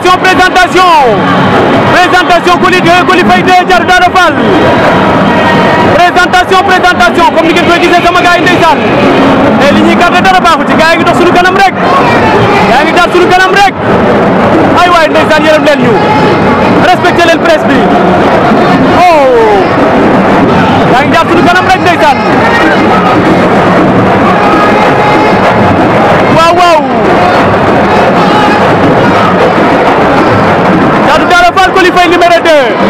présentation présentation présentation Coly 2 Coly Faye 2 Diatou Daouda Fall présentation présentation comme ni ngeen koy gisee sama gars yi ndeysaan te li ñuy gardé dara baaxu ci gars dox suñu kanam rek yaa ngi daal suñu kanam rek ay waay ndeysaan yërëm leen ñu respecté leen presse bi oh yaa ngi daal suñu kanam rek ndeysaan Thunder!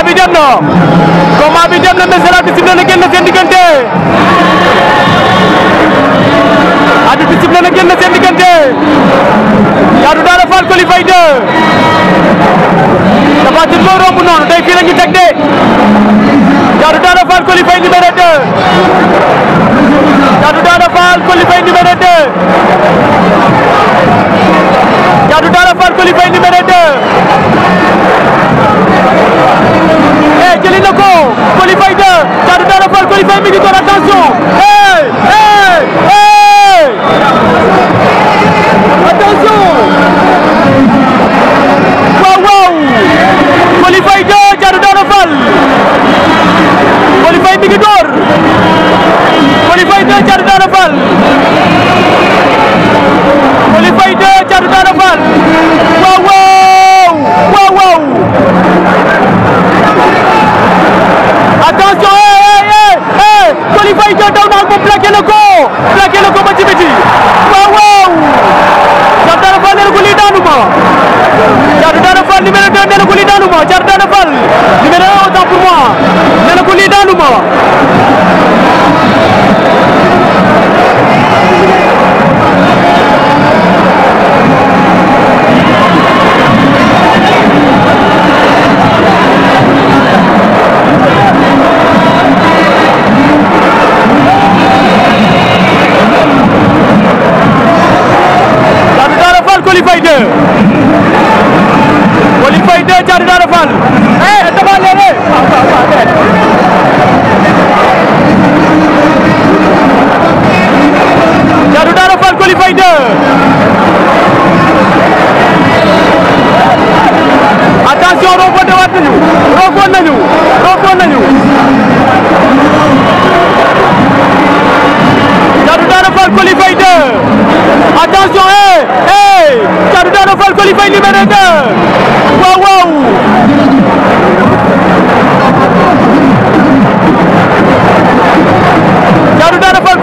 combat bi dem na combat bi dem na mais Zerac bi sifflé na génn seen diggante arbitre bi sifflé na génn seen diggante Thiatou Daouda Fall Coly Faye 2 Tapha Tine moo romb noonu tey fii la ñu teg de Thiatou Daouda Fall Coly Faye numéro 2 Thiatou Daouda Fall Coly Faye numéro 2 Thiatou Daouda Fall Coly Faye numéro 2 Espíritu numéro 2 nee na ko lii daanu ma jar daan na fal numéro 1 autant pour moi nee na lii daanu ma Eteban. Eh, Eteban yere. Jadou Dara Fall qualify 2. Attention roko de wat nañu. Roko nañu. Roko nañu. Jadou Dara Fall qualify 2. Attention eh eh Jadou Dara Fall qualify numéro 2.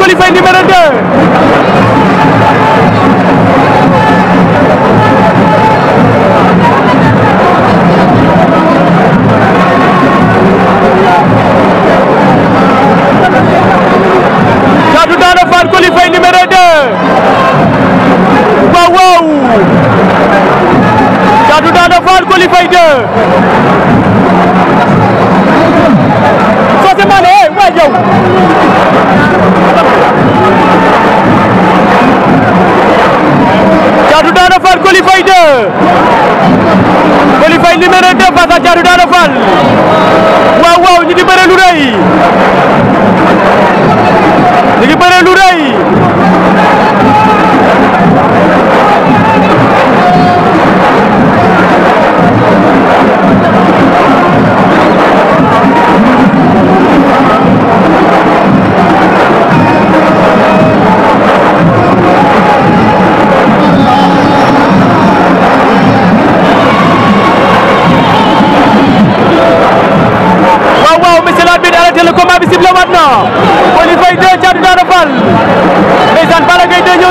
Coly Faye numéro 2 Thiatou Daouda Fall Coly Faye numéro 2 waaw waaw Thiatou Daouda Fall Coly Faye 2快就。Garuda Naval qualified the qualified number 2 pada Garuda Naval wow wow ni di perelurai ni di perelurai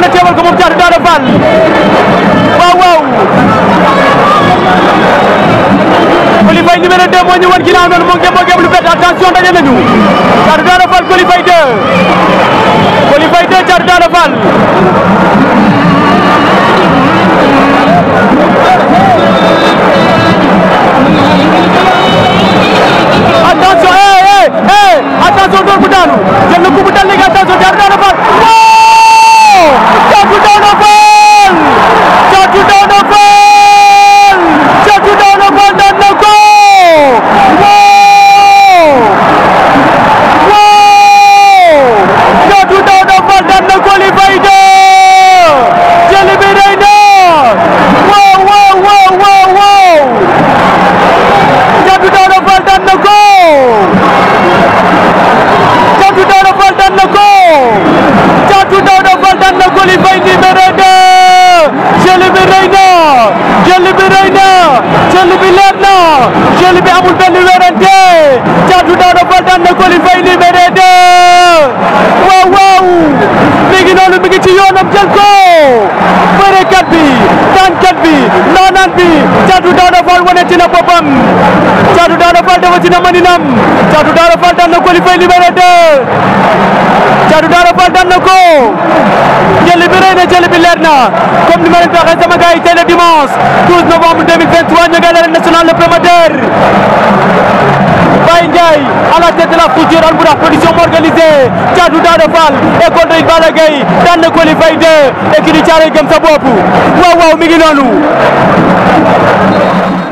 ñëw na teewal ko moom Thiatou Daouda Fall waaw waaw Coly Faye numéro 2 moo ñu wan ginnaaw noonu moom ngeen moo gëm lu bett attention daje nañu Thiatou Daouda Fall Coly Faye 2 Coly Faye 2 Thiatou Daouda Fall jël bi amul benn mi ngi noonu mi ngi ci yoonam jël ko bërekat bi tànkat bi bi Thiatou Daouda Fall wane ci na boppam Thiatou Daouda Fall dafa ci na maninam Thiatou Daouda Fall daan na Coly Faye numéro 2 Thiatou Daouda Fall daan na ko jëli bi rëy na jëli bi leer na comme ni ma leen ko waxee sama novembre 2023 ñu ngi arène nationale le promoteur Baye a à la tête la structure Al Bourakh production organisée Thiatou Daouda Fall école de Balla Gaye daan na Coly Faye 2 et kii di Thiaroye Gëm sa bopp waaw